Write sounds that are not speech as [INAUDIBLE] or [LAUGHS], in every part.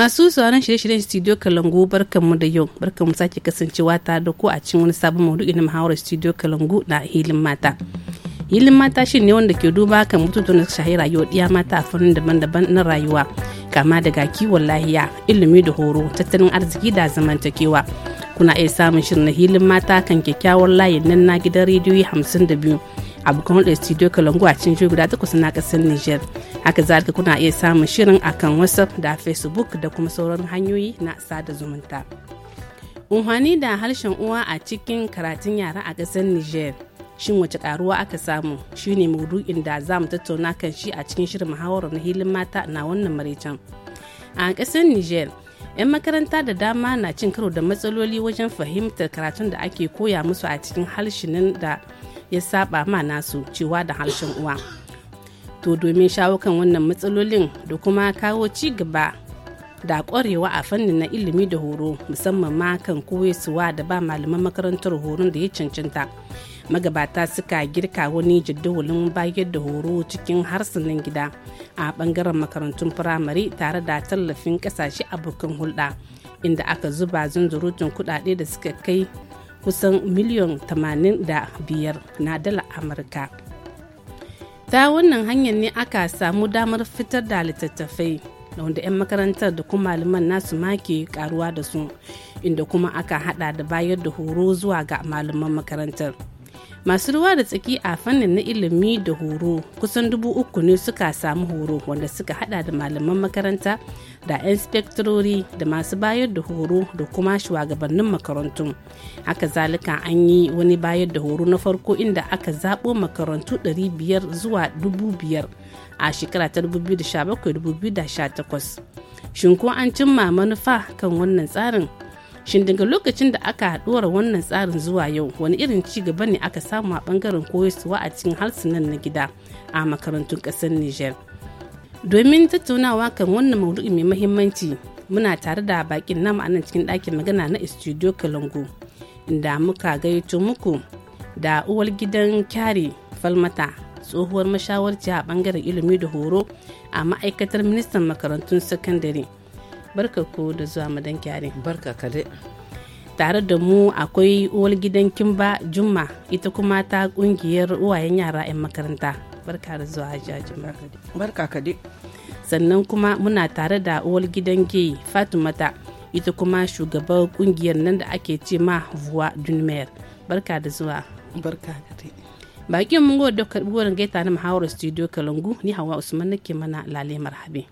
Masu sauran shirye-shiryen Studio Kalangu barkanmu da yau, barkanmu sake kasancewa ta da ku a cikin wani sabon maudu'i na muhawarar Studio Kalangu na hilin mata. Hilin mata shi ne wanda ke duba kan mutuntun da shahi rayuwar ɗiya mata a fannin daban-daban na rayuwa, kama daga kiwon lahiya, ilimi da horo, tattalin arziki da zamantakewa. Kuna iya samun shirin na hilin mata kan kyakkyawar layin nan na gidan rediyo hamsin da biyu. abokan hulɗar studio kalangu a cikin guda takwas na ƙasar niger haka zalika kuna iya samun shirin akan whatsapp da facebook da kuma sauran hanyoyi na sada zumunta unhwani da harshen uwa a cikin karatun yara a ƙasar niger shin wace karuwa aka samu shine maudu'in da za mu tattauna kan shi a cikin shirin muhawarar na hilin mata na wannan maraicen a ƙasar niger 'yan makaranta da dama na cin karo da matsaloli wajen fahimtar karatun da ake koya musu a cikin harshenin da ya saba ma nasu cewa da harshen uwa to domin shawo wannan matsalolin da kuma kawo ci gaba da ƙwarewa a fannin na ilimi da horo musamman ma kan suwa da ba malaman makarantar horon da ya cancanta magabata suka girka wani jadawalin bayar da horo cikin harsunan gida a bangaren makarantun firamare tare da tallafin kasashe abokan hulɗa inda aka zuba zunzurutun kuɗaɗe da suka kai kusan miliyan 85 na dala amurka ta wannan hanyar ne aka samu damar fitar da littattafai da wanda 'yan makarantar da kuma malaman nasu make karuwa da su inda kuma aka hada da bayar da horo zuwa ga malaman makarantar masu ruwa da tsaki a fannin na ilimi da horo kusan dubu uku ne suka samu horo wanda suka hada da malaman makaranta da inspektorori da masu bayar da horo da kuma shugabannin makarantun haka zalika an yi wani bayar da horo na farko inda aka zabo makarantu 500 zuwa 5,000 a shekara ta 2017-2018 shin ko an cimma manufa kan wannan tsarin shin daga lokacin da aka haɗuwar wannan tsarin zuwa yau wani irin ci gaba ne aka samu a bangaren koyarwa a cikin harsunan na gida a makarantun ƙasar niger domin tattaunawa kan wannan maudu'i mai mahimmanci muna tare da bakin namu nan cikin ɗakin magana na studio kalangu inda muka gayyato muku da uwar gidan kyari falmata tsohuwar mashawarci a bangaren ilimi da horo a ma'aikatar ministan makarantun sakandare barka ku da zuwa madan kyare barka kade tare da mu akwai uwar gidan kimba Juma ita kuma ta kungiyar uwayen yara 'yan makaranta barka da zuwa barka kade sannan kuma muna tare da uwar gidan gay fatimata ita kuma shugaban kungiyar nan da ake ce ma vuwa dunmer barka da zuwa barka kade bakin mun gode da karbuwar gaita na muhawar studio kalangu ni hawa usman nake mana lale marhabi.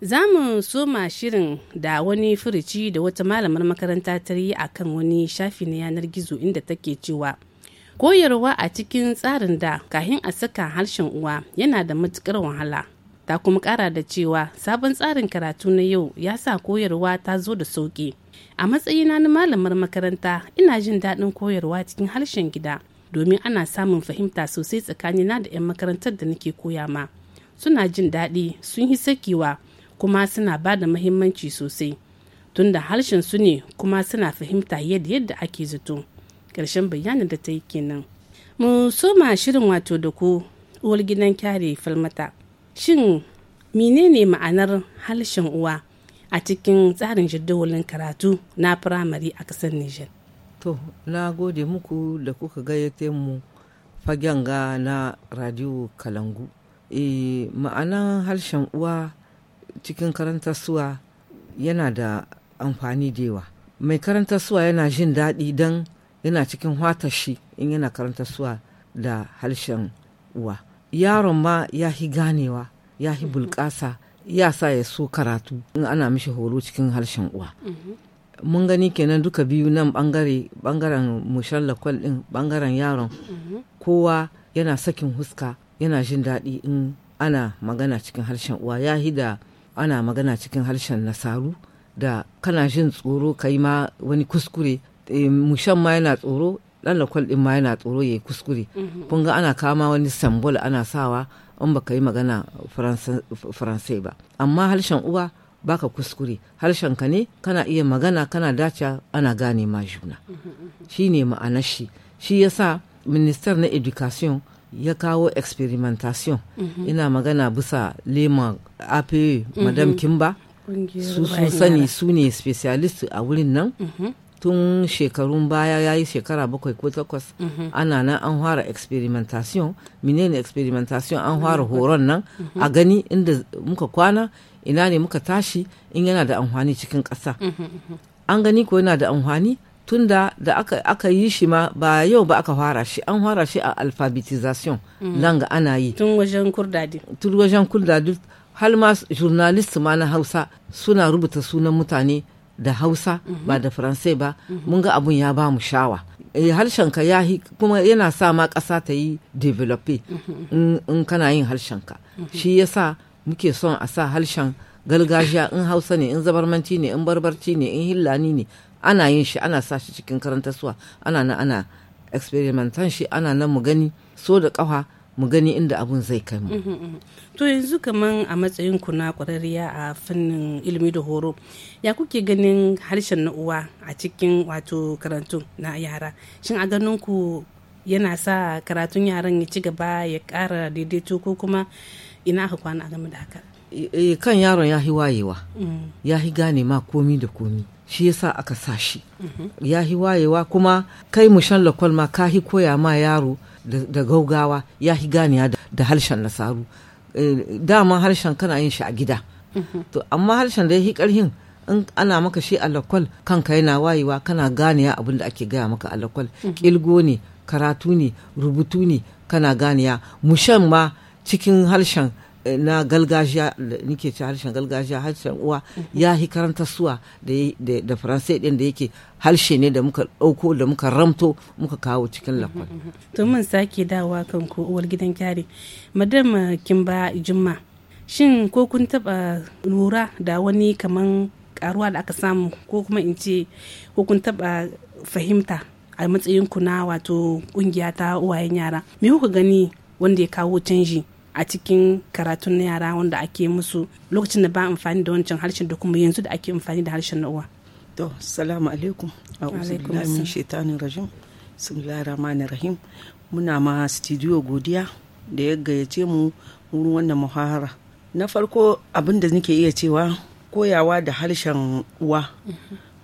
Za mu soma shirin da wani furici da wata malamar makaranta ta yi a kan wani shafi na yanar gizo inda take cewa koyarwa a cikin tsarin da kahin a saka harshen uwa yana da matukar wahala. Ta kuma kara da cewa sabon tsarin karatu na yau ya sa koyarwa ta zo da sauki. A matsayina na malamar makaranta ina jin daɗin koyarwa cikin harshen gida domin ana samun fahimta sosai tsakanina da 'yan makarantar da nake koya ma. suna jin daɗi sun yi sakewa kuma suna ba da mahimmanci sosai tunda harshen su ne kuma suna fahimta yadda yadda ake zato ƙarshen bayanin da ta yi kenan mu soma shirin wato da ku uwar gidan kyare falmata shin menene ma'anar harshen uwa a cikin tsarin jadawalin karatu na firamare a ƙasar nijar to na gode muku da kuka gayyate mu fagen ga na radio kalangu e, ma'anan harshen uwa cikin suwa yana da amfani da yawa mai suwa yana jin daɗi don yana cikin shi in yana suwa da harshen uwa yaron ma ya hi ganewa ya hi bulƙasa ya sa ya so karatu in ana mishi horo cikin harshen uwa mm-hmm. mun gani kenan duka biyu nan bangare bangaren mushan lakwal din bangaren yaron mm-hmm. kowa yana sakin huska yana jin daɗi in ana magana cikin harshen uwa ya da ana magana cikin harshen nasaru da kana jin tsoro ka yi ma wani kuskure eh, mushan ma yana tsoro ɗan lakwal ɗin ma yana tsoro ya yi kuskure mhm. kun ga ana kama wani sambol ana sawa in baka yi magana faransai ba amma harshen uwa baka kuskure harshen ka ne kana iya magana kana dace ana gane ma juna mhm, mhm. shi ne ma'anar shi shi yasa ministan na education ya kawo experimentation mhm. ina magana bisa lema ape mhm. madam kimba su sun sani su ne specialist a wurin nan mhm. tun shekarun baya ya yi shekara bakwai ko takwas ana nan an fara experimentation menene experimentation an fara horon nan a gani inda muka kwana ina ne muka tashi in yana da amfani cikin ƙasa an gani ko yana da amfani tunda da aka, aka yi shi ma ba yau ba aka fara shi an fara shi a alfabetization mm. ana yi tun wajen kurdadi har ma journalist ma na hausa suna rubuta sunan mutane da hausa mm -hmm. ba da faransai ba mm -hmm. mun ga abun ya ba mu shawa e, eh, harshenka ya hi kuma yana sa ma ƙasa ta yi develop mm-hmm. in -hmm. kana yin harshenka mm-hmm. shi yasa muke son a sa harshen galgajiya in hausa ne in zabarmanci ne in barbarci ne in hillani ne ana yin shi ana sa shi cikin karantarsuwa ana nan ana experimentan shi ana nan mu gani so da kafa mu gani inda abun zai kai mu. Mhm, mhm. To yanzu kaman a matsayin ku na ƙwararriya a fannin ilimi da horo, ya kuke ganin harshen na uwa a cikin wato karatu na yara? Shin a ganin ku yana sa karatun yaran ya ci gaba ya ƙara daidaito ko kuma ina aka kwana a game da haka? Eh, eh, kan yaron ya hi wayewa, mm. ya hi gane ma komi da komi. shi yasa aka sa shi mhm. ya hi wayewa kuma kai mushan lakwal ma ka hi koya ma yaro da gaugawa ya hi ganiya da harshen nasaru eh, dama harshen kana yin shi a gida mhm. to amma harshen da ya hi karhin in ana maka shi a lakwal kanka yana wayewa kana ganiya abin da ake gaya maka a lakwal kilgo mhm. ne karatu ne rubutu ne kana ganiya mushan ma cikin harshen na galgajiya da nike ci harshen galgajiya harshen uwa ya yi karanta suwa da faransa din da yake harshe ne da muka ɗauko da muka ramto muka kawo cikin lakwal. to mun sake dawa kan ko uwar gidan kyare madam eh, kimba jumma shin ko kun taba lura da wani kaman karuwa da aka samu ko kuma in ce ko kun taba fahimta a matsayin ku na wato kungiya ta uwayen yara me kuka gani wanda ya kawo canji a cikin karatun na yara wanda ake musu lokacin da ba amfani da wancan harshen da kuma yanzu da ake amfani da harshen na uwa to salamu alaikum a'udhu min shaitanin rajim bismillahir rahmanir rahim muna ma studio godiya da ya gayyace mu wurin wannan muhara. na farko abin da nake iya cewa koyawa da harshen uwa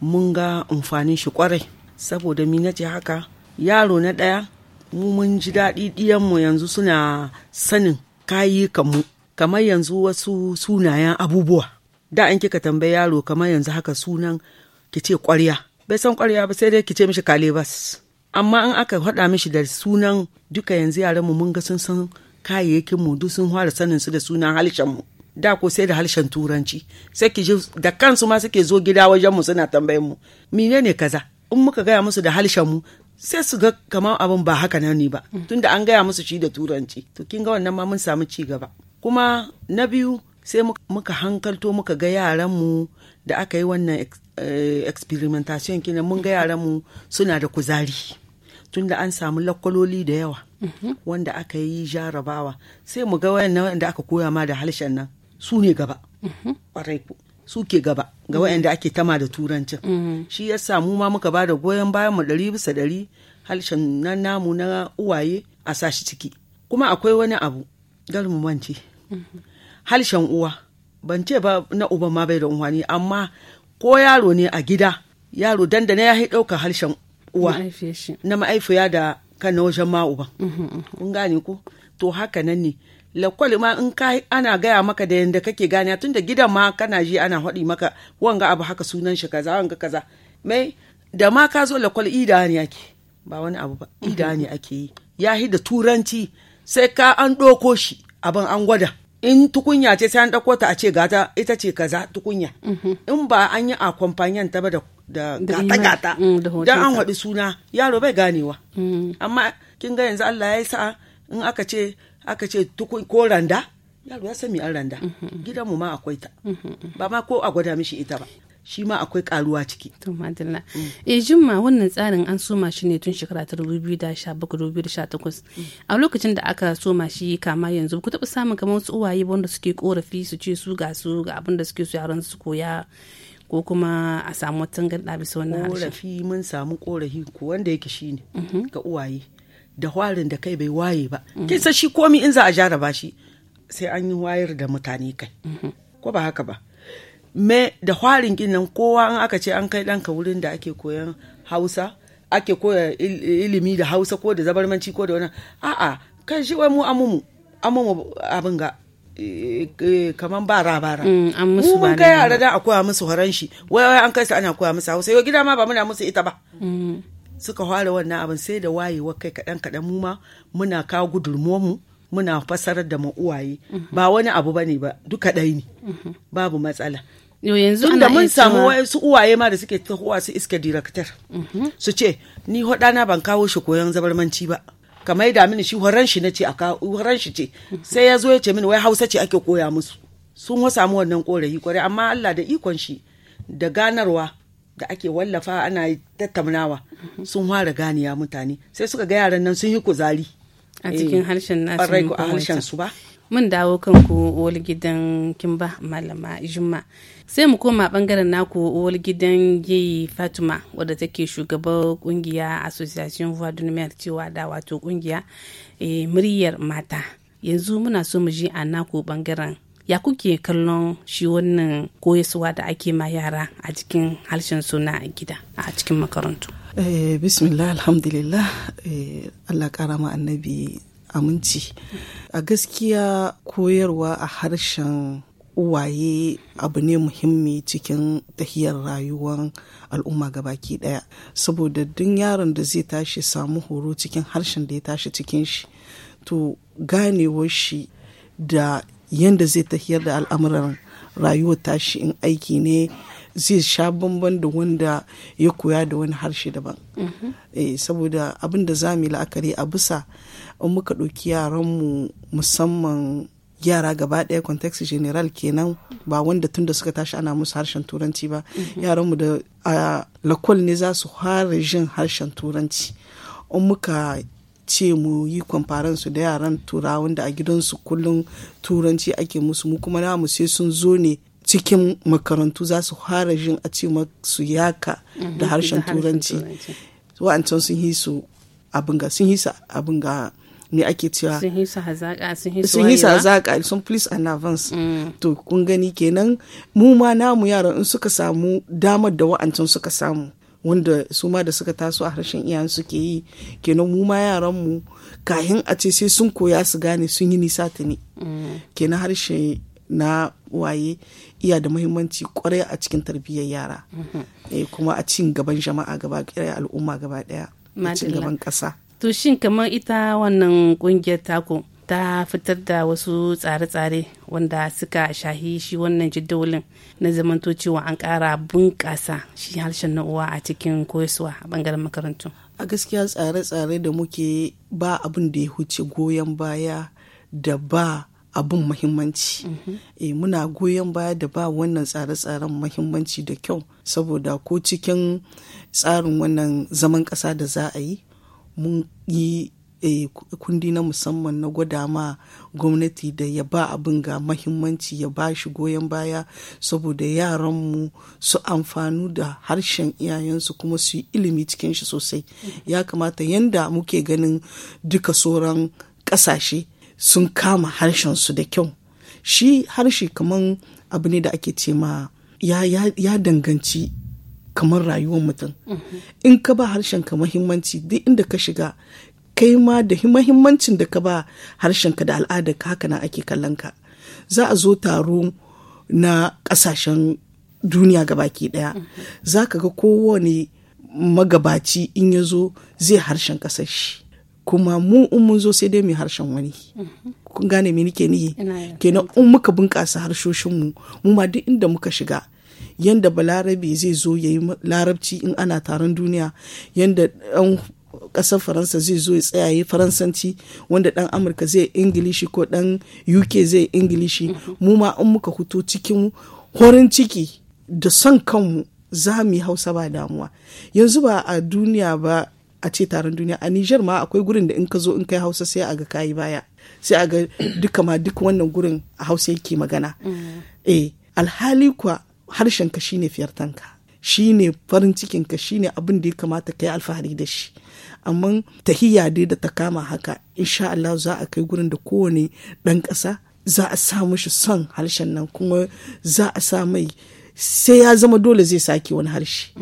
mun ga amfanin shi kwarai saboda mi nace haka yaro na ɗaya mu mun ji daɗi mu yanzu suna sanin kayi kamu kamar yanzu wasu sunayen abubuwa da an kika tambayi yaro kamar yanzu haka sunan ki ce kwarya bai san kwarya ba sai dai ki ce mishi kalebas amma in aka faɗa mishi da sunan duka yanzu yaran mu mun ga sun san kayayyakin mu duk sun fara sanin su da sunan halshen mu da ko sai da harshen turanci sai ki ji da kansu ma suke zo gida wajen mu suna tambayin mu menene kaza in muka gaya musu da harshen mu sai su ga kamar abin ba haka nan ne ba tunda an gaya musu shi da turanci to kin ga wannan ma mun samu ci gaba kuma na biyu sai muka hankalto muka ga yaranmu da aka yi wannan eh, experimentation kina mun ga yaranmu suna da kuzari tunda an samu lakwaloli da yawa wanda aka yi jarabawa sai mu ga wannan da aka koya ma da harshen nan su ne gaba ƙwarai ku suke gaba ga mm-hmm. wayanda ake tama da turancin mm-hmm. shi ya samu ma muka bada goyon bayan mu ɗari bisa ɗari halshen na namu na uwaye a sashi ciki kuma akwai wani abu garin mu mance mm-hmm. halshen uwa ban ce ba na uban ma bai da unwani amma ko yaro ne a gida yaro dandana ya ɗauka harshen uwa na ma'aifiya da kan na wajen ma uban kun gane ko to haka nan ne lakwali ma in kai ana gaya maka da yadda kake gane tunda gidan ma kana ji ana haɗi maka wanga abu haka sunan shi kaza wanga kaza mai da ma ka zo lakwali ida ne ake ba wani abu ba mhm. ida ne ake yi ya da turanci sai ka an ɗoko shi abin an gwada in tukunya ce sai an ɗauko ta a ce gata ita ce kaza tukunya mhm. in ba an yi akwamfanyan ta ba da gata gata mm, dan an haɗi suna yaro bai ganewa mm. amma kin ga yanzu Allah ya yi sa'a in aka ce aka ce ko randa yaro ya san an randa mm-hmm. gidan mu ma akwai ta mm-hmm. ba ma ko a gwada mishi ita ba shi ma akwai karuwa ciki. To madalla. Mm. eh jimma wannan tsarin an soma shi ne tun shekara ta 2017-2018. Mm. A lokacin da aka soma shi kama yanzu ku taɓa samun kamar wasu uwaye wanda suke korafi su ce su ga su ga abin da suke su yaran su koya ko kuma a samu tangarɗa bisa wannan harshe. Korafi mun samu korafi ko wanda yake shi ne mm-hmm. ga uwaye. da warin da kai bai waye ba kin san shi komi in za a jaraba shi sai an yi wayar da mutane kai ko ba haka ba me da warin ginin kowa an aka ce an kai ɗanka wurin da ake koyan hausa ake koya ilimi da hausa ko da zabarmanci ko da wani a'a kan shi wai mu amumu amumu abin ga e, e, kaman bara bara mm, mu mun kai a da a koya musu horon shi wai an kai su ana koya musu hausa yau gida ma ba muna musu ita ba mm. suka fara wannan abin sai da wayewa kai kaɗan kaɗan mu ma muna kawo mu muna fasarar da mu uwaye ba wani abu ba ne ba duka ɗai ne babu matsala Yo yanzu tunda mun samu wasu uwaye ma da suke tahowa su iske director mhm. su ce ni hodana ban kawo shi koyon zabarmanci ba kamar da mini shi horan shi nace a horan shi ce sai ya zo ya ce mini wai Hausa ce ake koya musu sun wasa samu wannan korayi kwarai amma Allah da ikon shi da ganarwa da ake wallafa ana tattaunawa sun fara ganiya mutane sai suka ga yaran nan sun yi kuzari a cikin eh, harshen nasu a harshen su ba mun dawo kanku wal gidan kimba malama juma sai mu koma bangaren naku wal gidan yayi fatima wadda take shugabar kungiya association voix cewa da wato kungiya eh, muryar mata yanzu muna so mu je a naku bangaren ya kuke kallon shi wannan koyaswa da ake ma yara a cikin harshen suna a gida a cikin makarantu eh, bismillah alhamdulillah eh, allah kara annabi aminci a gaskiya koyarwa a harshen uwaye abu ne muhimmi cikin tahiyar rayuwar al'umma baki daya saboda duk yaron da zai tashi samu horo cikin harshen da ya tashi cikin shi to ganewar shi da yadda zai tafiyar da al'amuran rayuwar tashi in aiki ne zai sha bamban da wanda ya koya da wani harshe daban mm-hmm. eh, saboda abin da za la'akari a bisa in muka ɗauki yaranmu musamman yara gaba ɗaya context general kenan ba wanda tun da suka tashi ana musu harshen turanci ba mm-hmm. yaranmu da a lakol ne za su fara jin harshen turanci in muka ce mu yi kwamfaran su da yaran turawan da a gidansu kullum turanci ake musu mu kuma namu sai sun zo ne cikin makarantu za su fara jin a ce su yaka mhm. da harshen turanci wa'ancan sun yi su abin ga sun yi su abin ga me ake cewa sun yi su hazaka sun yi su hazaka sun please an advance to kun gani kenan mu ma namu yaran in suka samu damar da wa'ancan suka samu wanda su ma da suka taso a harshen iyayen suke yi kenan mu ma yaran mu kahin a ce sai sun koya su gane sun yi nisa ta ne mm. kenan harshe na waye iya da muhimmanci kwarai a cikin tarbiyyar yara mm-hmm. eh, kuma a cin gaban jama'a gaba daya eh, al'umma gaba daya cin gaban kasa to shin kamar ita wannan kungiyar tako ta fitar da wasu tsare-tsare wanda suka shahi shi wannan jadawalin na zamantocewa an ƙara bunƙasa shi harshen na uwa a cikin koyaswa a bangaren makarantu a gaskiya tsare-tsare da muke ba abin da ya huce goyon baya da ba abin mahimmanci mhm. e, eh, muna goyon baya da ba wannan tsare-tsaren mahimmanci da kyau saboda ko cikin tsarin wannan zaman ƙasa da za a yi mun yi Eh, kundi na musamman na gwada ma gwamnati da ya ba abin ga mahimmanci ya ba shi goyon baya saboda yaranmu su amfanu da harshen iyayensu kuma su yi ilimi cikin shi sosai ya kamata yanda muke ganin duka sauran ƙasashe sun kama harshensu da kyau shi harshe kaman abu ne da ake ce ma ya, ya danganci kamar rayuwar mutum mm-hmm. in ka ba harshen ka mahimmanci duk inda ka shiga kai ma da mahimmancin da ka ba harshen ka da ka haka na ake kallon ka za a zo taro na ƙasashen duniya gabaki ɗaya za ka ga kowane magabaci in ya zo zai harshen ƙasar shi kuma mu in mun zo sai dai mai harshen wani kun gane me nike ni kenan in muka bunƙasa harshoshinmu mu ma duk inda muka shiga yanda balarabe zai zo ya yi larabci in ana taron duniya yanda ɗan ƙasar faransa zai zo ya tsaya tsayaye faransanci wanda ɗan amurka zai ingilishi ko ɗan uk zai ingilishi mhm. mu ma in muka huto cikin horin ciki da son kanmu za mu yi hausa ba damuwa yanzu ba a duniya ba a ce taron duniya a Nijar ma akwai gurin da in ka zo in kai Hausa sai a ga kayi baya sai a ga duka ma duk wannan gurin a Hausa yake magana e alhali kuwa harshen ka shine fiyartanka shine farin cikinka ka shine abin da ya kamata ka yi alfahari da shi amma tahiya dai da ta kama haka insha Allah za a kai gurin da kowane ɗan ƙasa za a sa mishi son harshen nan kuma za a sa mai sai ya zama dole zai sake wani harshe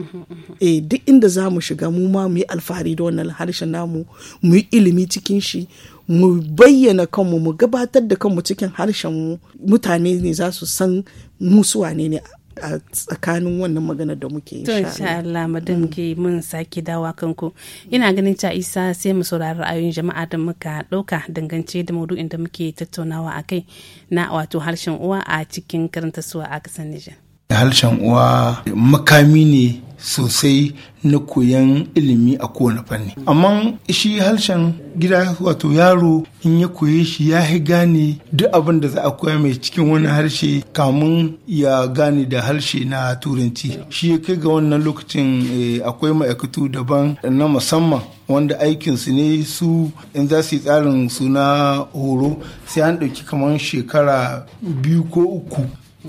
eh duk inda za mu shiga mu ma mu yi alfahari da wannan harshen namu mu yi ilimi cikin shi mu bayyana kanmu mu gabatar da kanmu cikin harshen mu mutane ne za su san mu su ne ne a tsakanin wannan magana da muke to insha Allah madam ke mun sake dawa kanku ina ganin ca isa sai mu saurari ra'ayoyin jama'a da muka ɗauka dangance da maudu'in da muke tattaunawa a kai na wato harshen uwa a cikin karanta suwa a kasar Nijar harshen uwa makami ne sosai na koyan ilimi a kowane fanni amma shi harshen gida wato yaro in ya koye shi ya yi gane duk abin da za a koya mai cikin wani harshe kamun ya gane da harshe na turanci shi ya kai ga wannan lokacin eh, akwai ma'aikatu daban na musamman wanda aikinsu ne su in za su yi tsarin suna horo sai an ɗauki kamar shekara biyu ko uku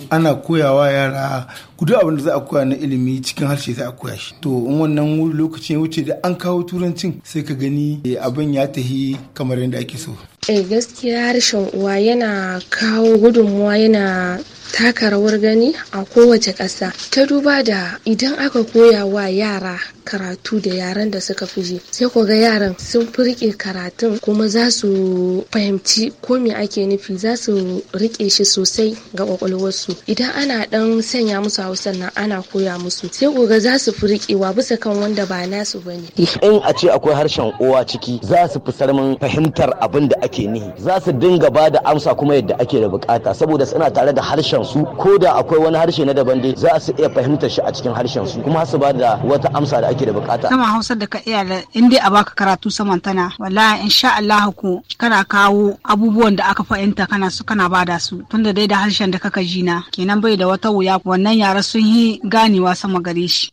ana koyawa yara ku abin da za a koya na ilimi cikin harshe za a koya shi to in wannan lokacin ya wuce da an kawo turancin sai ka gani eh, abin ya tahi kamar yadda ake so Eh gaskiya harshen uwa yana kawo gudunmuwa yana taka rawar gani a kowace ƙasa ta duba da idan aka koya wa yara karatu da yaran da suka fi ji sai ku ga yaran sun fi riƙe karatun kuma za su fahimci ko me ake nufi za su riƙe shi sosai ga ƙwaƙwalwarsu idan ana ɗan sanya musu hausan nan ana koya musu sai ku ga za su fi riƙewa bisa kan wanda ba nasu ba ne. in a ce akwai harshen uwa ciki za su fi sarmin fahimtar abin da ake ake nihi za su dinga ba da amsa kuma yadda ake da bukata saboda suna tare da harshen su ko da akwai wani harshe na daban dai za su iya fahimtar shi a cikin harshen su kuma su ba da wata amsa da ake da bukata sama hausa da ka iya in dai a baka karatu saman tana wallahi insha Allah ku kana kawo abubuwan da aka fahimta kana su kana bada su tunda dai da harshen da kaka ji na kenan bai da wata wuya wannan yara sun yi ganewa sama gare shi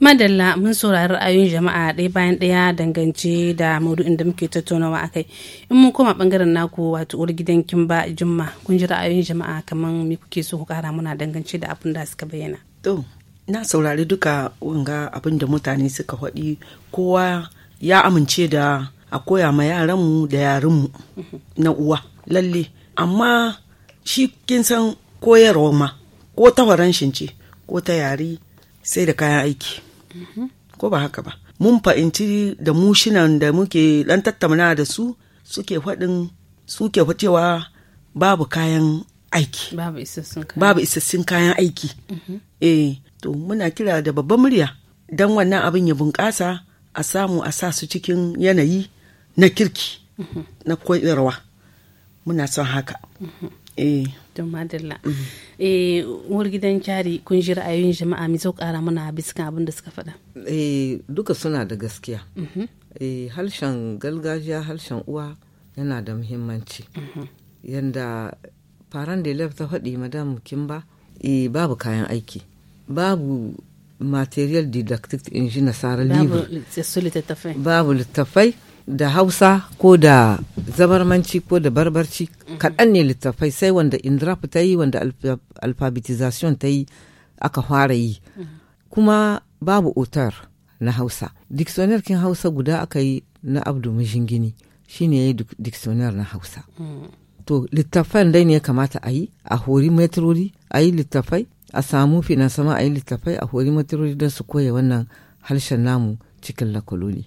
madalla mun saurari ra'ayoyin jama'a ɗaya bayan ɗaya dangance da maudu'in da muke tattaunawa akai in mun koma bangaren naku wato uwar gidan kimba jumma kun ji ra'ayoyin jama'a kamar me kuke so ku kara muna dangance da abin da suka bayyana to na saurari duka wanga abin da mutane suka faɗi kowa ya amince da a koya ma yaranmu da yarinmu mhm. na uwa lalle amma shi kin san koyarwa ma ko ta ce ko ta yari sai da kayan aiki ko ba haka ba mun fa'inci da mushinan da muke dan tattauna da su suke faɗin suke cewa babu kayan aiki babu isassun kayan aiki mm-hmm. eh to muna kira da babban murya don wannan abin ya bunƙasa a samu a sa su cikin yanayi na kirki mm-hmm. na koyarwa muna son haka mm-hmm. eh don eh uwar gidan kyari kun ji ra'ayoyin jama'a mai zau kara mana bisikan abin da suka faɗa eh duka suna da gaskiya eh harshen galgajiya harshen uwa yana da muhimmanci mhm. yanda faran da ta faɗi madam kimba eh babu kayan aiki babu material didactic in ji nasarar babu littattafai da hausa ko da zabarmanci ko da barbarci kaɗan ne littafai sai wanda indrap ta yi wanda alfabetization ta yi aka fara yi kuma babu otar na hausa dictionary kin hausa guda aka yi na abdu shi shine ya yi na hausa to littafan dai ne ya kamata a yi a hori metrori a yi littafai a samu finansama a yi littafai a hori metrori don su koya wannan harshen namu cikin lakololi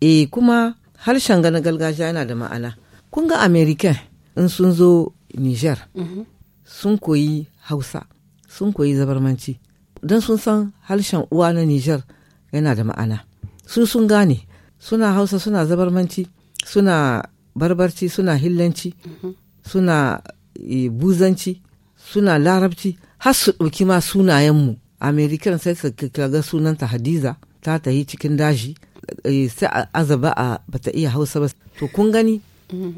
e kuma harshen ganin gargajiya yana da ma'ana kun ga american in sun zo niger mhm. sun koyi hausa sun koyi zabarmanci don sun san harshen uwa na niger yana da ma'ana su sun gane suna hausa suna zabarmanci suna barbarci suna hillanci mhm. suna eh, buzanci suna larabci har su ɗauki ma sunayenmu american sai su ga sunanta hadiza ta tahi cikin daji Eh, sai a azaba a bata iya hausa ba to kun gani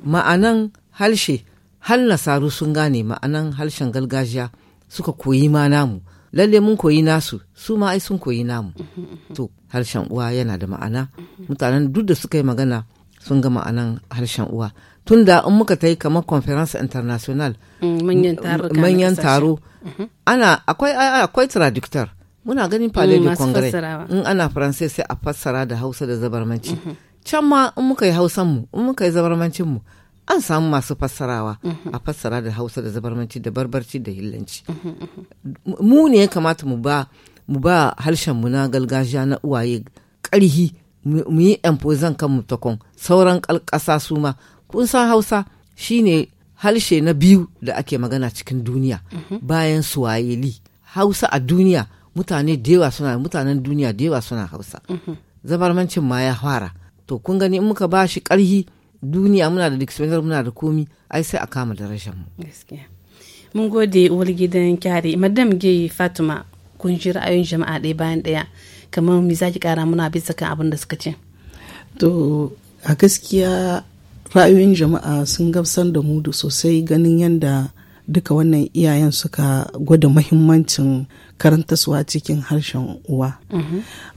ma'anan harshe har nasaru sun gane ma'anan harshen gargajiya suka koyi ma namu lalle mun koyi nasu su ma ai sun koyi namu to harshen uwa yana da ma'ana mutanen duk da suka yi magana sun ga ma'anan harshen uwa tun da in muka ta yi kamar conference international mm, manyan taro mm-hmm. ana akwai akwai traductor muna ganin palais mm, du congrès in ana faransai sai a fassara da hausa da zabarmanci mhm. can ma in muka yi hausan mu in muka yi zabarmancin mu an samu masu fassarawa mhm. a fassara da hausa da zabarmanci da barbarci da hillanci mhm, mu ne ya kamata mu ba mu ba harshen mu na galgajiya na uwaye ƙarhi mu yi empozan kan mu takon sauran ƙasa su ma kun san hausa shine harshe na biyu da ake magana cikin duniya bayan suwayeli hausa a duniya mutane da yawa suna mutanen duniya da yawa suna hausa mhm. zabarmancin ma ya fara to kun gani in muka ba shi karhi duniya muna da dictionary muna da komi ai sai a kama rashin mu mun gode uwar gidan kyare madam gay fatima kun ji ra'ayoyin jama'a ɗaya bayan ɗaya kamar mi zaki kara muna bisa kan abin da suka ce to a gaskiya ra'ayoyin jama'a sun gamsar da mu da sosai ganin yadda duka wannan iyayen suka gwada mahimmancin karantaswa cikin harshen uwa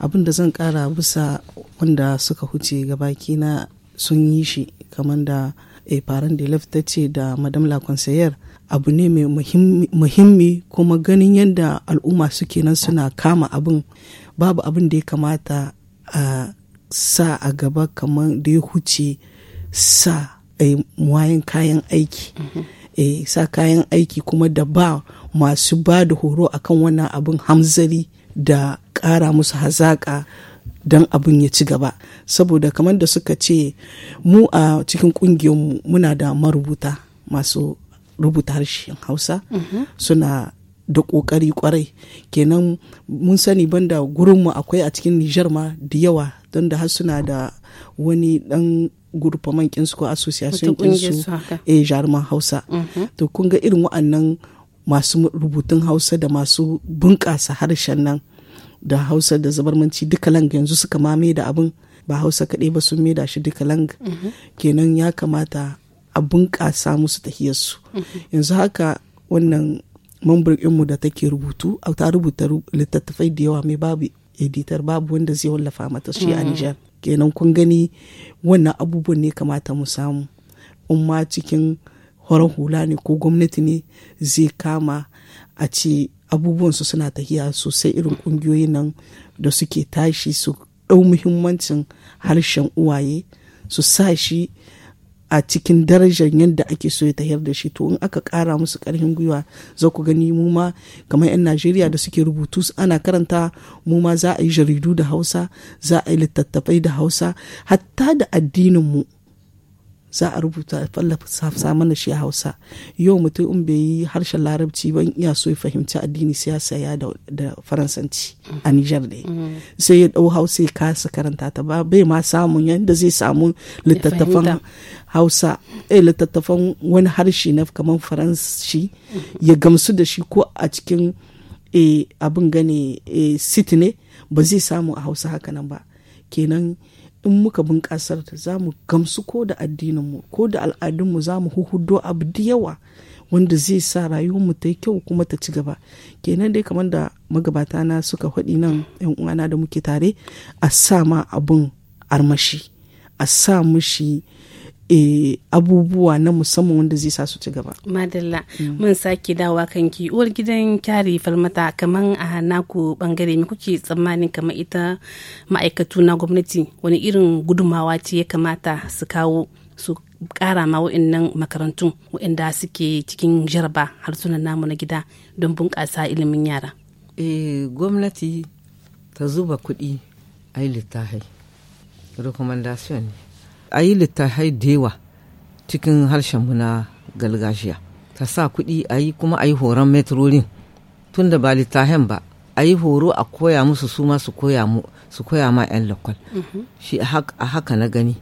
abin da zan kara bisa wanda suka huce gabaki na sun yi shi kamar da a faran da ta ce da madam la abu ne mai muhimmi kuma ganin yadda al'umma suke nan suna kama abin babu abin da ya kamata a sa a gaba kamar da ya huce sa wayan kayan aiki mm -hmm. eh, sa kayan aiki kuma da ba masu ba da horo akan wannan abin hamzari da ƙara musu hazaƙa don abin ya ci gaba saboda kamar da suka ce mu a cikin ƙungiyarmu muna da marubuta masu rubuta harshen hausa mm -hmm. suna da ƙoƙari kwarai kenan mun sani banda gurinmu akwai a cikin nijar ma da yawa don da har suna da wani ɗan gurfaman kinsu ko association kinsu eh jaruman hausa mhm. to kun ga irin wa'annan masu rubutun hausa da masu bunƙasa harshen nan da hausa da zabarmanci duka lang yanzu suka mame da abin ba hausa kaɗai ba sun da shi duka lang mhm. kenan ya kamata a bunƙasa musu su. Mhm. yanzu haka wannan mambar mu da take rubutu ta rubuta littattafai da yawa mai babu editar babu wanda zai wallafa mata shi a Nijar. kenan kun gani wannan abubuwan ne kamata mu samu in ma cikin horon hula ne ko gwamnati ne zai kama a ce abubuwansu suna tahiya sosai irin kungiyoyin nan da suke tashi su ɗau muhimmancin harshen uwaye su sa shi a cikin darajar yadda ake so ya tayar da shi to in aka kara musu karfin gwiwa za ku gani mu ma kamar 'yan najeriya da suke rubutu ana karanta mu ma za a yi jaridu da hausa za a yi littattafai da hausa hatta da addinin mu za a rubuta fallasa mana shi a hausa yau mutum in bai yi harshen larabci ban iya so ya fahimci addini siyasa ya da faransanci a nijar da mm-hmm. sai ya dau hausa ya kasa karanta ta ba bai ma samun yadda zai samu littattafan hausa eh littattafan wani harshe na kamar faransanci ya gamsu da shi ko a cikin eh, abin gane siti eh, ba zai samu a hausa hakanan ba kenan in muka bunƙasar ta za mu gamsu ko da addininmu ko da al'adunmu za mu huhudo abu da yawa wanda zai sa rayuwar mu ta yi kyau kuma ta ci gaba kenan dai kamar da magabata na suka faɗi nan yan uwana da muke tare a sa ma abun armashi a sa mushi e, abubuwa na musamman wanda zai sa su ci gaba. Madalla, mun sake dawa ki uwar gidan kyari falmata kamar a naku bangare mai kuke tsammanin kamar ita ma'aikatu na gwamnati wani irin gudumawa ce ya kamata su kawo su kara ma wa'annan makarantun wa'anda suke cikin jaraba harsunan namu na gida don bunƙasa ilimin yara. E, gwamnati ta zuba kuɗi a yi littafi. recommendation ne a yi littafai da yawa cikin harshenmu na galgajiya ta sa kuɗi a yi kuma a yi horon metrolin tun da ba littafen ba a yi horo a koya musu su ma su koya ma 'yan lokal mm-hmm. shi a haka na gani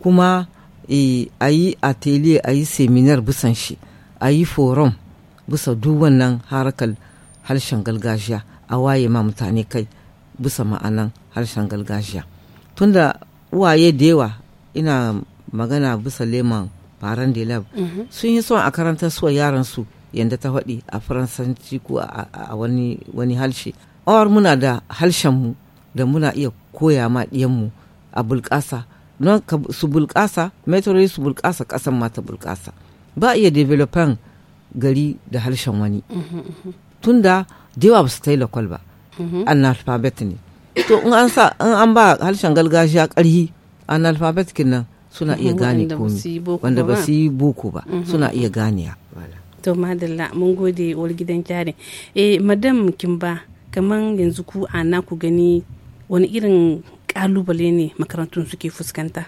kuma e, a yi atelier a yi seminar busan shi a yi forum bisa duk wannan harkar harshen gargajiya a waye ma mutane kai bisa ma'anan harshen gargajiya tunda uwaye da yawa ina magana bisa leman faran de lab sun yi son a karantar suwa yaran su yadda ta faɗi a faransanci ko a wani wani halshe awar muna da halshen mu da muna iya koya ma mu a bulƙasa don su bulƙasa metrori su bulƙasa ƙasan mata bulƙasa ba iya developan gari da harshen wani tunda da yawa ba su taila kwal ba alfabet ne to in an ba harshen gargajiya ƙarhi analfabet kenan suna iya gane komi wanda ba su yi boko ba mhm. suna iya ganiya to madalla mun gode wal gidan kyare eh madam ba kaman yanzu ku ana ku gani wani irin kalubale ne makarantun suke fuskanta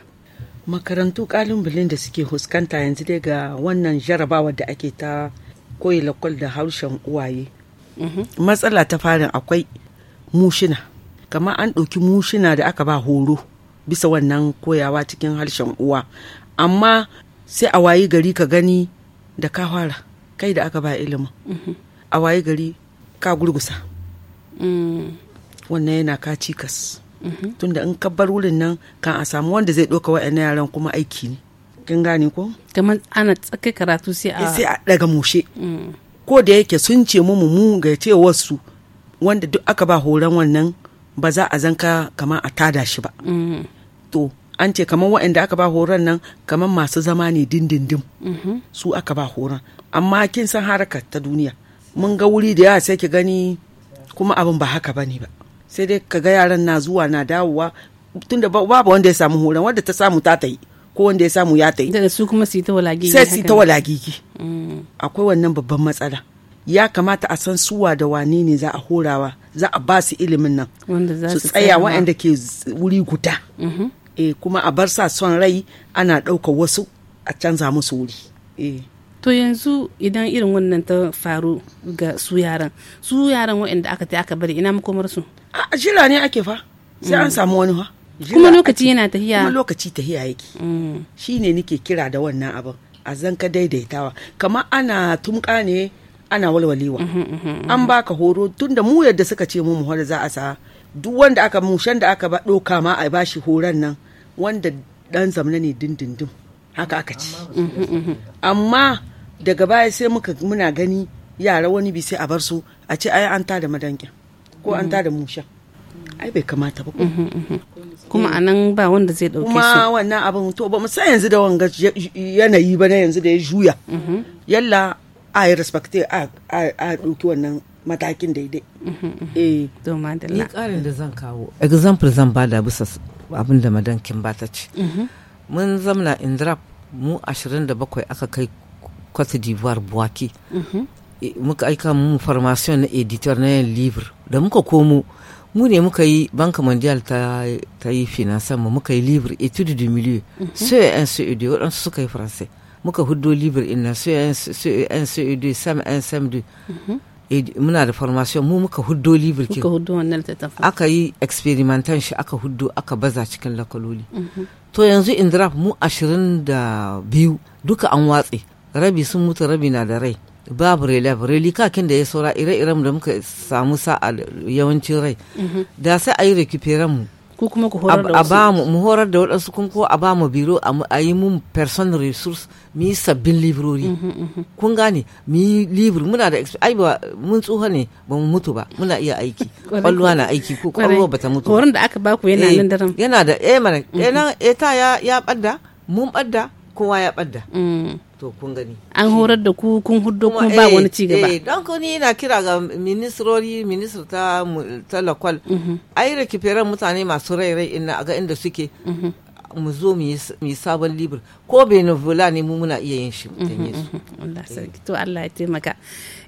makarantu kalubalen da suke fuskanta yanzu dai ga wannan jarabawa da ake ta koyi lakwal da harshen uwaye mhm. matsala ta farin akwai mushina kamar an ɗauki mushina da aka ba horo bisa wannan koyawa cikin harshen uwa amma sai a wayi gari ka gani da ka fara kai da aka ba ilimin mhm. a wayi gari ka gurgusa mm. wannan yana ka cikas mhm. tunda in ka bar wurin nan kan a samu wanda zai ɗauka wa'annan yaran kuma aiki ne kin gane ko kamar ana tsakai karatu sai a sai a daga moshe mm. ko da yake sun ce mu mu ga ce wasu wanda duk aka ba horon wannan ba za a zanka kamar a tada shi ba mm. to an ce kamar waɗanda aka ba horon nan kamar masu zama ne dindindin mhm. su aka ba horon amma kin san harkar ta duniya mun ga wuri da yawa sai ki gani kuma abin ba haka bane ba sai dai ka ga yaran na zuwa na dawowa tunda babu wanda ya samu horon wanda ta samu ta ta yi ko wanda ya samu ya ta yi su kuma su ta walagigi sai su ta walagigi mm. akwai wannan babban matsala ya kamata a san suwa da wane ne za a horawa za a ba su ilimin nan su tsaya waɗanda ke wuri guda mhm. e, kuma a bar sa son rai ana ɗaukar wasu a canza musu wuri e. to yanzu idan irin wannan ta faru ga su yaran su yaran waɗanda aka ta aka bari ina makomar su a jira ne ake fa sai an mm. samu wani fa kuma lokaci yana tahiya kuma lokaci tahiya yake mm. shine nike kira da wannan abu a zanka daidaitawa kamar ana tumka ne ana walwalewa mhm, mhm, mhm. an baka horo tunda mu yadda suka ce mu mu za a sa duk wanda aka mushen da aka ɗauka ma a bashi horon nan wanda ɗan zamna ne dindindin haka aka ci amma daga baya sai muka muna gani yara wani bi sai a bar su a ce ai an tada madankin ko an mm-hmm. tada mushen ai bai kamata ba mm-hmm, mm-hmm. kuma a nan ba wanda zai ɗauke su kuma wannan abin to ba mu san yanzu da wanga yanayi ba na yanzu da ya juya yalla a yi respecte a doki wannan matakin daidai mhm, mhm. Eh. ni karin da zan kawo example zan da bisa abin da madankin ba ta ce mhm. mun zamna indrap mu 27 aka kai Cote d'Ivoire Buwaki eh, muka aika mu formation na editor na yin livre da muka komo mu ne muka yi banka mondial ta, yi finansan mu muka yi livre etude du milieu cen de waɗansu suka yi faransai muka huddo livre ina cen de e sam e en sam de. Eh, muna da formation mu muka huddo libirkin aka yi experimentan shi aka huddo aka baza cikin lakaloli mhm. to yanzu indiraf mu ashirin da biyu duka an watse rabi sun mutu rabi na da rai babu relief reli kakin da ya saura ire-iren da muka samu sa'a yawancin rai mhm. da sai a yi rekuperen mu ku horar da wasu a ba mu horar da waɗansu kuma ko a ba mu biro a yi mun person resource mi sabbin librori mm-hmm, mm-hmm. kun gane mi yi muna da ai ba mun tsuha ne ba mu mutu ba muna iya aiki [LAUGHS] kwalluwa na aiki ko kwalluwa bata mutu horon da aka baku yana eh, nan daren yana da eh mana eh, mm-hmm. eh ta ya ya badda mun badda kowa ya badda mm. to kun gani an horar da ku kun huddo kuma ba eh, wani ci gaba eh don ko ni ina kira ga ministrori minister ta ta lakwal ai rekiferan mutane masu rairai ina ga inda suke mu zo mu yi sabon libir ko benevola ne mu muna iya yin shi mutum su. Mm-hmm. Allah sarki to Allah ya taimaka.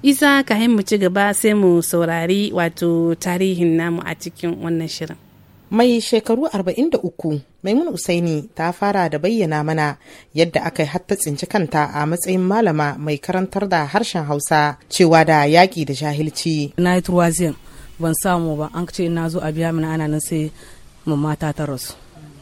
Isa ka mu ci gaba sai mu saurari wato tarihin namu a cikin wannan shirin. Mai shekaru arba'in da 43 Maimuna Usaini ta fara da bayyana mana yadda aka hatta tsinci kanta a matsayin malama mai karantar da harshen Hausa cewa da yaƙi da jahilci. Na yi ban samu ba an ce na zo a biya mana ana nan sai mamata ta rasu.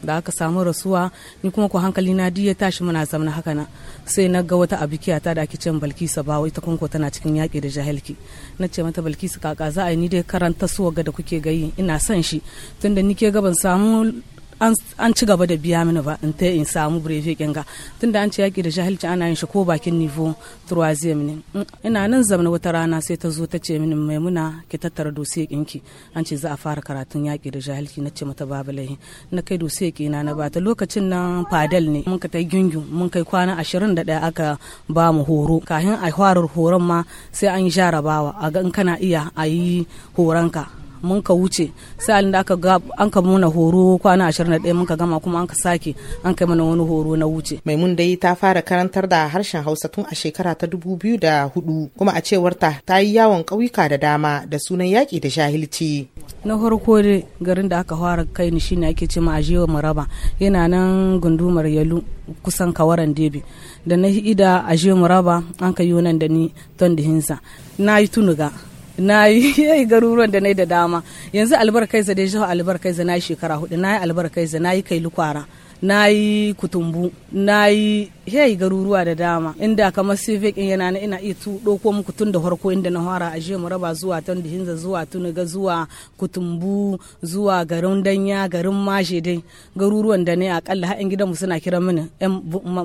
da aka samu rasuwa ni kuma ku hankali na ya tashi muna zamna haka na sai na ga wata abikiya ta da ake ce balkisa ba ita kunko tana cikin yaƙi da jahilki na ce mata balkisa kaka za a yi ni dai karanta suwa ga da kuke gayi ina son shi tunda ni ke gaban samu an ci gaba da biya mini ba in ta in samu brevi kinga da an ce yaki da jahilci ana yin shi ko bakin nivo turwazem ne mm, ina nan zamna wata rana sai ta zo ta ce mini muna ki tattara dosiye kinki an ce za a fara karatun yaki da jahilci na ce mata babu lahi na kai dosiye kina na bata lokacin nan fadal ne mun ka ta gyungyu mun kai kwana ashirin da ɗaya aka ba mu horo kafin a fara horon ma sai an yi jarabawa a ga in kana iya a yi horonka mun ka wuce sai alin da aka ga an ka muna horo kwana ashirin 21 mun ka gama kuma an ka sake an kai mana wani horo na wuce maimun dai ta fara karantar da harshen hausa tun a shekara ta dubu biyu da hudu kuma a cewar ta ta yi yawon ƙauyuka da dama da sunan yaƙi da jahilci na farko dai garin da aka fara kai ni shine ake ce ma ajewa maraba yana nan gundumar yalu kusan kawaran debe da na hida ajewa maraba an ka yi nan da ni ton hinsa na yi tunuga na [LAUGHS] yi garuruwan da na yi da dama yanzu albarkai albarkaiza dai jihar za na yi shekara hudu na yi albarkai albarkaiza na yi kai lukwara na yi kutumbu na yi hey garuruwa da dama inda kamar civic in yana na ina iya ɗauko muku tun da farko inda na fara aje mu raba zuwa tun da hinza zuwa ga zuwa kutumbu zuwa garin danya garin mashe dai garuruwan da ne akalla ha'in mu suna kira mini yan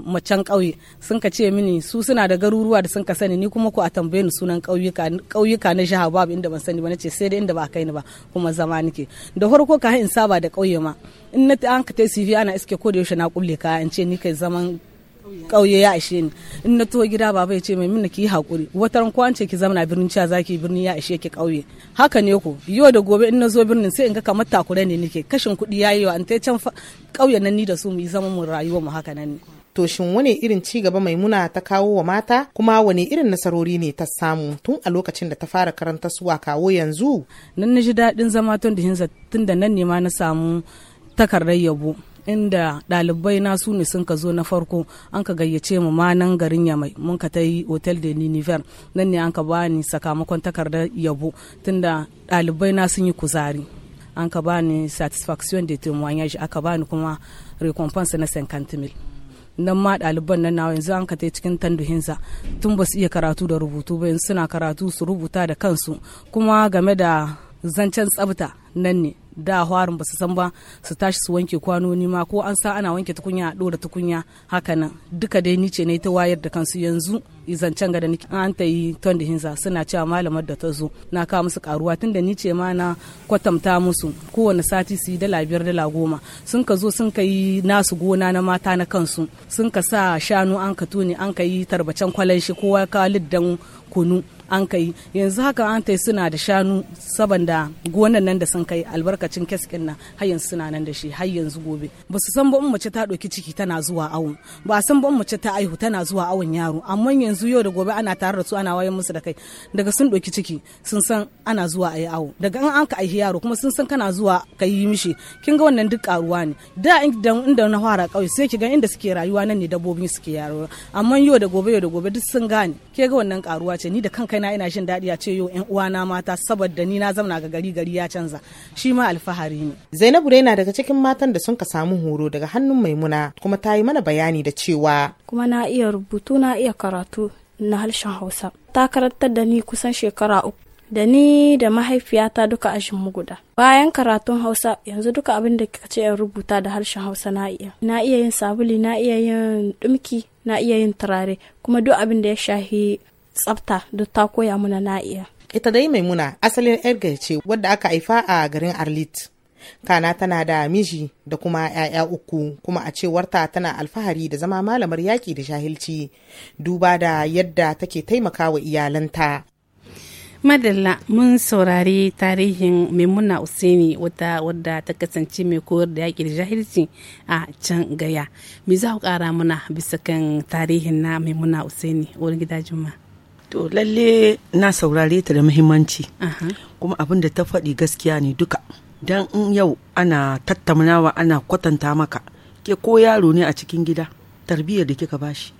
macen ƙauye sun ka ce mini su suna da garuruwa da sun ka sani ni kuma ku a tambaye ni sunan ƙauyuka na jiha babu inda ban sani ba nace sai dai inda ba kai ni ba kuma zama nike da farko ka in saba da kauye ma in na ta an ka ta CV ana iske ko da yaushe na kulle ka in ce ni kai zaman ƙauye ya ashe ni in na taho gida baba ya ce mai mini ki hakuri wata ran kwan ce ki zamana birnin cewa ki birni ya ashe ki ƙauye haka ne ko yau da gobe in na zo birnin sai in ga kamar takura ne nake kashin kuɗi yayi wa an ta can ƙauye nan ni da su mu yi zaman mu rayuwar mu haka nan ne to shin wani irin ci gaba maimuna ta kawo wa mata kuma wani irin nasarori ne ta samu tun a lokacin da ta fara karanta suwa kawo yanzu nan na ji daɗin zama tun da tun da nan ne ma na samu takardar yabo inda ɗalibai na su ne sun ka zo na farko an ka gayyace mu ma nan garin yamai mun ka ta yi hotel de l'univers nan ne an ka ba ni sakamakon takardar yabo tunda ɗalibai na sun yi kuzari an ka ba ni satisfaction de témoignage aka ni kuma recompense na 50 mil nan ma ɗaliban nan na yanzu an ka ta cikin tanduhinsa tun ba su iya karatu da rubutu ba yanzu suna karatu su rubuta da kansu kuma game da zancen tsabta nan ne da hwarin ba su san ba su tashi su wanke kwanoni ma ko an sa ana wanke tukunya a ɗora tukunya haka nan duka dai ni ce yi ta wayar da kansu yanzu zancen ga da an ta yi ton da hinza suna cewa malamar da ta zo na kawo musu karuwa tunda ni ce ma na kwatamta musu kowane sati su yi dala biyar dala goma sun ka zo sun ka yi nasu gona na mata na kansu sun ka sa shanu an ka tuni an ka yi tarbacen kwalan shi kowa ka liddan kunu an kai yanzu haka an tai suna da shanu saboda gonan nan da sun kai albarkacin keskin nan har yanzu suna nan da shi har yanzu gobe ba su san ba in mace ta ɗauki ciki tana zuwa awon ba san ba in mace ta aihu tana zuwa awon yaro amma yanzu yau da gobe ana tare da su ana wayan musu da kai daga sun ɗauki ciki sun san ana zuwa a yi awo daga an an ka aihi yaro kuma sun san kana zuwa ka yi mishi kin ga wannan duk karuwa ne da inda na fara kauye sai ki ga inda suke rayuwa nan ne dabbobin suke yaro amma yau da gobe yau da gobe duk sun gane ke ga wannan karuwa ce ni da kanka kaina ina jin daɗi a ce yo ƴan uwana mata saboda ni na zauna ga gari gari ya canza shi ma alfahari ne Zainabu dai na daga cikin matan da sun ka samu horo daga hannun Maimuna kuma ta yi mana bayani da cewa kuma na iya rubutu na iya karatu na harshen Hausa ta karantar da ni kusan shekara uku da ni da mahaifiyata duka a guda bayan karatun hausa yanzu duka abin da kika ce in rubuta da harshen hausa na iya na iya yin sabuli na iya yin dumki na iya yin turare kuma duk abin da ya shahi tsafta duk ta koya muna na Ita dai Maimuna asalin yar ce wadda aka haifa a garin Arlit. Kana tana da miji da kuma 'ya'ya uku kuma a cewarta tana alfahari da zama malamar yaƙi da jahilci duba da yadda take taimakawa iyalanta. madalla mun saurari tarihin maimuna usaini wata wadda ta kasance mai koyar da yaƙi da jahilci a can gaya me za ku ƙara muna bisa kan tarihin na maimuna usaini wurin gida juma'a to lalle na saurare ta da muhimmanci kuma abin da ta faɗi gaskiya ne duka dan in yau ana tattaunawa ana kwatanta maka ke ko yaro ne a cikin gida tarbiyyar da kika bashi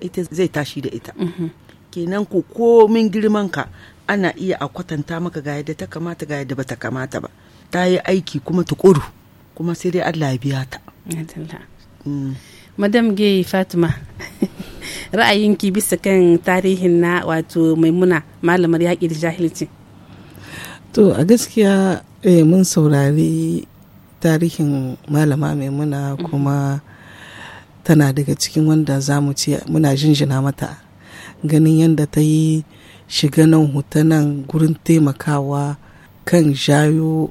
ita zai tashi da ita mhm. kenan ko komin girman ka ana iya a kwatanta maka ga yadda ta kamata ga yadda bata kamata ba ta yi aiki kuma tukuru kuma sai dai Allah ya biya ta madam gay fatima [LAUGHS] ra'ayinki bisa kan tarihin na wato maimuna malamar yaƙi da jahilci to a gaskiya eh, mun saurari tarihin malama maimuna mhm. kuma tana daga cikin wanda za mu ce muna jinjina mata ganin yadda ta yi shiga nan hutanan gurin taimakawa kan jayo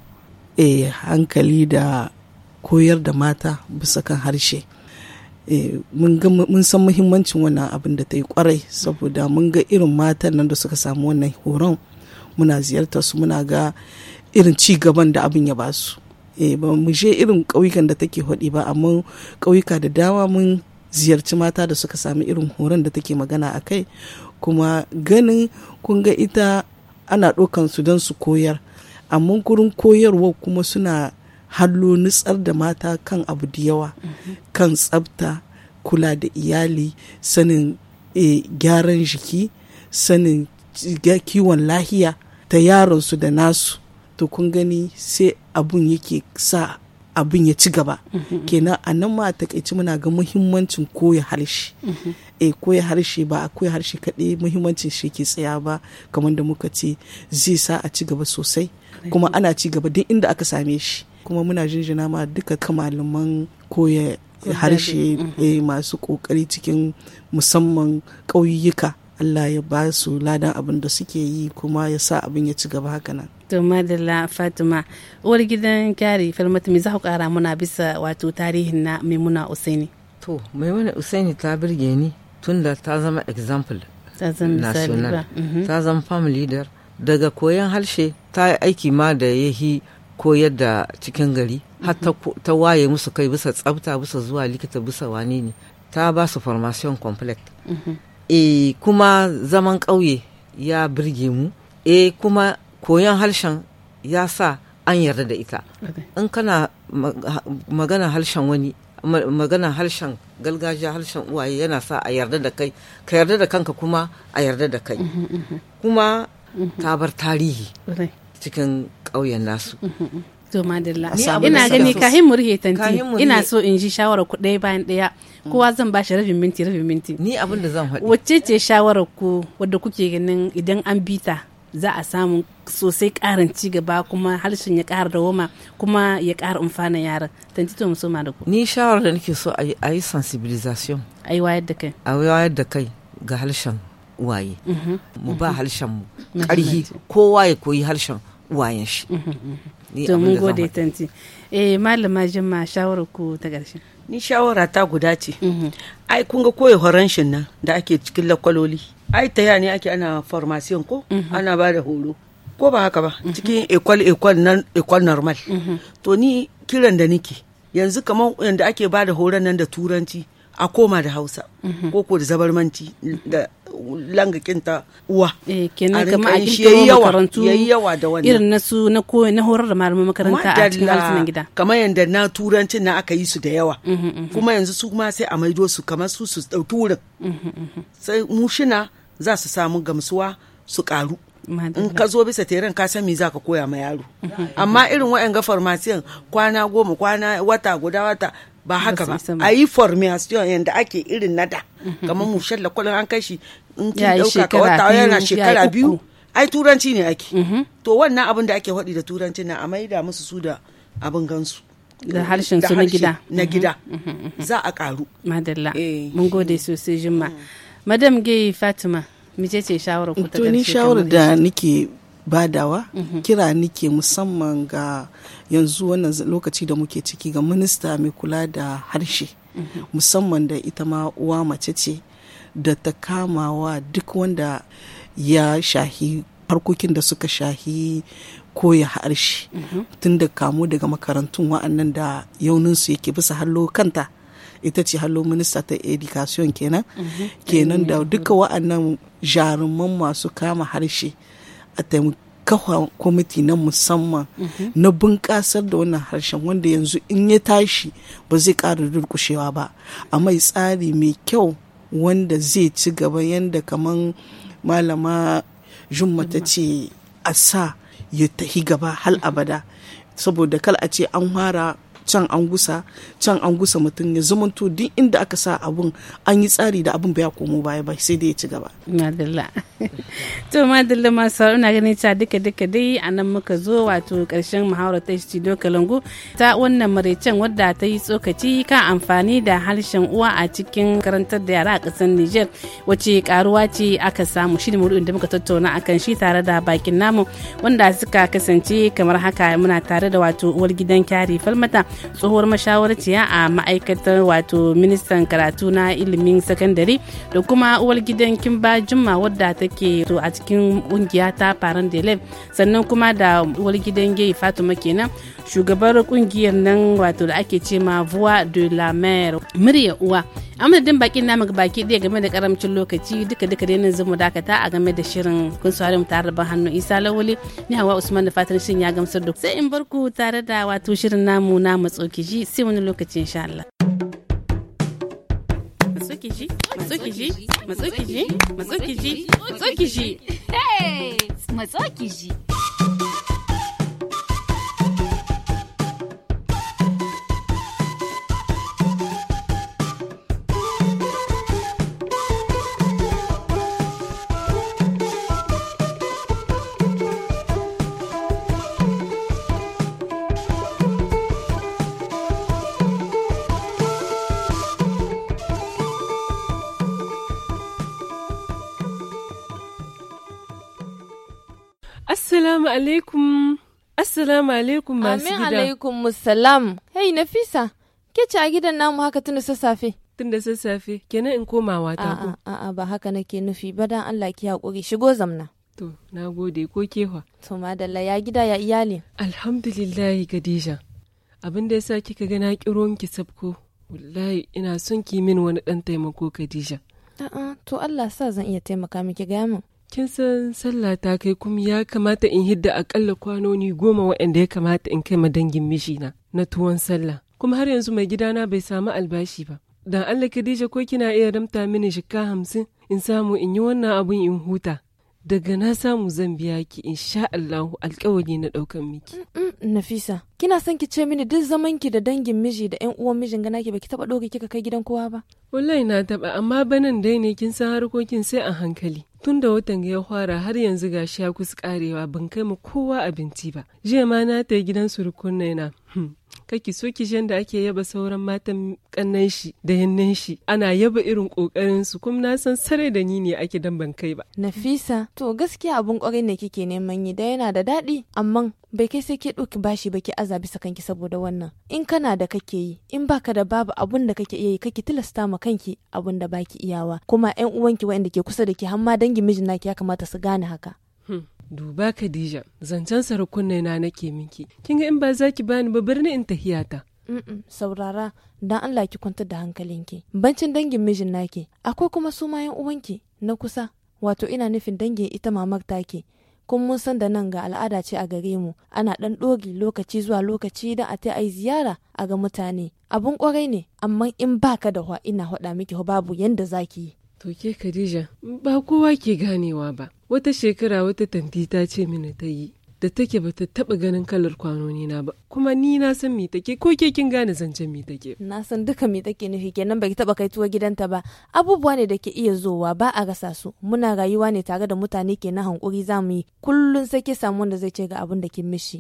eh, hankali da koyar da mata bisa kan harshe Eh, mun san muhimmancin wannan abin da ta yi kwarai saboda mun ga irin matan nan da suka samu wannan horon muna ziyartar su muna ga irin ci gaban da abin ya basu eh, ba mu je irin ƙauyukan da take hudi ba amma ƙauyuka da dama mun ziyarci mata da suka samu irin horon da take magana a kai kuma ganin kun ga ita ana ɗaukan su don su koyar amma gurin koyarwa kuma suna hallo nutsar da mata kan abu da yawa kan tsabta kula da iyali sanin eh, gyaran jiki sanin kiwon lahiya ta yaransu da nasu to kun gani sai abun yake sa abin ya ci gaba kenan a nan ma a takaici muna ga muhimmancin koya harshe e koya harshe ba a koya harshe kaɗai muhimmancin shi ke tsaya ba kamar da muka ce zai sa a ci gaba sosai kuma ana ci gaba duk inda aka same shi kuma muna jinjina ma duka kamaliman koya harshe eh, mm-hmm. masu kokari cikin musamman ƙauyuka Allah ya ba su ladan abin da suke yi kuma ya sa abin ya ci gaba haka nan. To madalla Fatima, uwar gidan kyari Falmatu za ku kara muna bisa wato tarihin na Maimuna Usaini? To, Maimuna Usaini ta birge ni tunda ta zama example national. Mm-hmm. Ta zama family leader. Daga koyan harshe ta yi aiki ma da yahi koyar da cikin gari har mhm. ta waye musu kai bisa tsafta bisa zuwa likita bisa wane ne ta ba su formation complete e kuma zaman ƙauye ya birge mu e kuma koyon harshen ya sa an yarda da ita in kana magana harshen wani magana harshen galgajiya harshen uwaye yana sa a yarda da kai ka yarda da kanka kuma a yarda da kai mhm, kuma ta bar tarihi cikin ƙauyen nasu [LAUGHS] to madalla ina gani kahin murhe tanti ina so in ji shawarar ku ɗaya bayan ɗaya kowa zan ba shi rabin minti rabin minti ni abin da zan faɗi wacce ce shawarar ku wadda kuke ganin idan an bita za a samu sosai ƙarin ci gaba kuma harshen ya ƙara dawoma kuma ya ƙara umfana yaran tanti to muso ma da ku ni shawarar da nake so a yi sensibilisation a yi wayar da kai a yi wayar da kai ga harshen waye mhm. mu ba mhm. harshen mu ƙarhi kowa ya koyi harshen wayan shi domin mhm, mhm. gode tanti eh malama jima shawara ku ta ƙarshe ni shawara ta guda ce mhm. ai kun ga koyi horon shin nan da ake cikin lakwaloli ai ta ya ne ake ana farmasiyan ko ana ba da horo ko ba haka ba cikin ekwal ekwal nan ekwal normal to ni kiran da nike yanzu kamar yanda ake ba da horon nan da turanci a koma da hausa mhm. ko ko da zabarmanci da langa kinta uwa eh kenan a yayi yawa makarantu yayi yawa da wannan irin nasu na ko na horar da malaman makaranta a cikin na gida kamar yanda na turanci na aka yi su da yawa mhm, mhm. kuma yanzu su ma sai a maido su kamar su su dauki wurin sai mushina za su samu gamsuwa su karu in ka zo bisa teren ka san me za ka koya ma yaro amma irin wa'yan farmasiyan kwana goma kwana wata guda wata ba haka ba a yi formation yadda ake irin na da mm-hmm. kamar mushen kwallon an kai shi in ki dauka wata yana shekara biyu ai turanci ne ake mm-hmm. to wannan abin da ake faɗi da turanci na a maida musu su da abin gansu da harshen su na gida na mm-hmm. gida za a karu madalla eh. mun gode sosai jimma mm. madam gay fatima mice shawara ku ta to ni shawara da nake badawa mhm. kira nike musamman ga yanzu wannan lokaci da muke ciki ga minista mai kula da harshe mhm. musamman da ita ma uwa mace ce da ta kamawa duk wanda ya shahi harkokin da suka shahi koya harshe mhm. tun da kamo daga makarantun wa'annan da yauninsu yake bisa hallo kanta ita ce hallo minista ta education kenan kenan da duka wa'annan jaruman masu kama harshe a taimaki kafa kwamiti na musamman mhm. na bunƙasar da wannan harshen wanda yanzu in ya tashi ba zai ƙara durƙushewa ba a mai tsari mai kyau wanda zai ci gaba yadda kamar malama jumma ta ce a sa ya tahi gaba hal abada saboda kal a ce an fara can an gusa can an gusa mutum ya zamanto duk inda aka sa abun an yi tsari da abun baya komo baya ba sai dai ya ci gaba madalla [LAUGHS] to madalla masu na ganin ta duka duka dai a nan muka zo wato karshen muhawara ta doka kalangu ta wannan maraicen wadda ta yi tsokaci ka amfani da harshen uwa a cikin karantar da yara a kasar niger wacce karuwa ce aka samu shi ne da muka tattauna akan shi tare da bakin namu wanda suka kasance kamar haka muna tare da wato uwar gidan kyari falmata tsohuwar mashawarciya a ma'aikatar wato ministan karatu na ilimin sakandare da kuma uwar gidan kimba jumma wadda take to a cikin kungiya ta faran delef sannan kuma da uwar gidan gay fatima kenan shugabar kungiyar nan wato da ake ce ma voix de la mer murya uwa amadadin bakin namu baki ɗaya game da karamcin lokaci duka duka da nan zamu dakata a game da shirin kun saurare mu tare da hannu isa lawale ni hawa usman da fatan shin ya gamsar da sai in barku tare da wato shirin namu na kiji sai wani lokaci insha Allah kiji matso kiji hey matso kiji alaikum. Assalamu alaikum masu gida. Amin alaikum musalam. Hey Nafisa, ke ci a gidan namu haka tun da sassafe. Tun da sassafe, kenan in komawa ta ku. A'a ba haka nake nufi ba dan Allah ki hakuri shigo zamna. To, na gode ko kewa. To madalla ya gida ya iyali. Alhamdulillahi Khadija. Abin da yasa kika ga na kiro ki sabko. Wallahi ina son ki min wani dan taimako Khadija. A'a, to Allah sa zan iya taimaka miki ga mu. kin san sallah ta kai kuma ya kamata in hidda akalla kwanoni goma waɗanda ya kamata in kai ma dangin mishi na na tuwon sallah kuma har yanzu mai gidana bai samu albashi ba dan Allah Khadija ko kina iya ramta mini shika hamsin in samu in yi wannan abun in huta daga na samu zan biya ki insha Allahu alkawari na ɗaukan miki. Nafisa kina son ki ce mini duk zaman ki da dangin miji da yan uwan mijin gana ki baki taba doki kika kai gidan kowa ba wallahi na taba amma banan dai ne kin san harkokin sai a hankali tun da watan ya fara har yanzu shi ya kusa karewa ban kai mu kowa abinci ba jiya ma na ta gidan surukun na hmm, kaki so ki da ake yaba sauran matan kannan shi da yannan shi ana yaba irin kokarin su kuma na san sare da ni ne ake dan ban kai ba nafisa to gaskiya abun kwarai ne kike neman yi da yana da daɗi amma bai kai sai ke ɗauki bashi ba ki aza bisa kanki saboda wannan in kana da kake yi in baka da babu abun da kake iya yi kake tilasta ma kanki abun da baki iyawa kuma yan uwanki wanda ke kusa da ke har ma dangin mijin naki ya kamata su gane haka hmm. duba Khadija zancen sarakunai na nake miki kin ga in ba za ki bani ba birni in tahiyata saurara dan Allah ki kwantar da hankalinki bancin dangin mijin naki akwai kuma su ma yan uwanki na kusa wato ina nufin dangin ita mamak take kun mun san da nan ga al'ada ce a gare mu ana ɗan ɗogi lokaci zuwa lokaci don a ta yi ziyara a ga mutane abun kwarai ne amma in baka da ina haɗa miki babu yanda zaki yi. To ke Khadija ba kowa ke ganewa ba wata shekara wata tanti ta ce mini ta yi da take ba ta taba ganin kalar kwanoni na ba kuma ni na san me take ko ke kin gane zancen me take na san duka me take shi kenan baki taba kai tuwa gidanta ba abubuwa ne da ke iya zowa ba a rasa su muna rayuwa ne tare da mutane kenan hankuri mu yi kullun sai ke samu wanda zai ce ga abin da kin mishi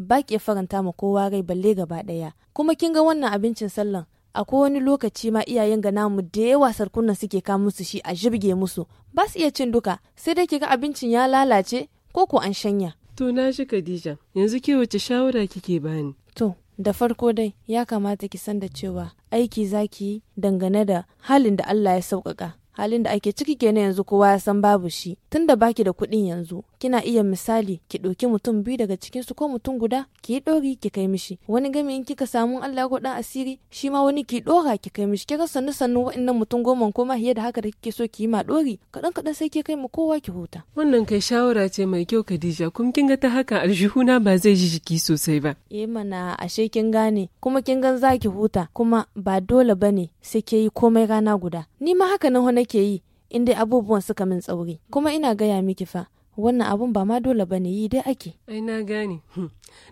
ba ke faranta ma kowa rai balle gaba daya kuma kin ga wannan abincin sallan akwai wani lokaci ma iyayen ga namu da yawa sarkunan suke ka musu shi a jibge musu ba su iya cin duka sai dai kiga abincin ya lalace ko ko an shanya To na shi Khadija, yanzu ke wace shawara kike bani? To, da farko dai ya kamata ki san da cewa aiki zaki yi dangane da halin da Allah ya sauƙaƙa. halin da ake ciki kenan yanzu kowa ya san babu shi tunda baki da kuɗin yanzu kina iya misali ki ɗauki mutum biyu daga cikin su ko mutum guda ki yi ɗori ki kai mishi wani gami in kika samu Allah ko dan asiri shi ma wani ki ɗora ki kai mishi kika sannu sannu wa'annan mutum goma ko ma da haka da kike so ki yi ma ɗori kaɗan kaɗan sai ki kai mu kowa ki huta. wannan kai shawara ce mai kyau Khadija kuma kin ga ta haka aljihuna ba zai ji jiki sosai ba. eh mana ashe kin gane kuma kin gan za ki huta kuma ba dole bane sai ke yi komai rana guda ni ma haka nan nake yi in dai abubuwan suka min tsauri kuma ina gaya miki fa wannan abun ba ma dole bane yi dai ake ai na gane hmm.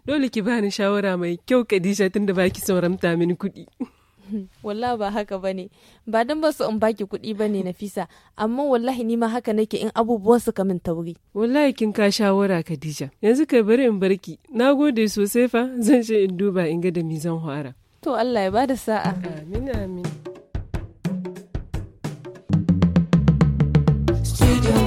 dole ki bani shawara mai kyau kadisha tunda baki sauramta mini kuɗi [LAUGHS] wallahi ba haka bane ba dan ba su in baki kuɗi bane nafisa amma wallahi ni ma haka nake in abubuwan suka min tauri wallahi kin ka shawara kadija yanzu kai bari in barki gode sosai fa zan je in duba in ga da mizan hara to Allah ya bada sa'a amin amin you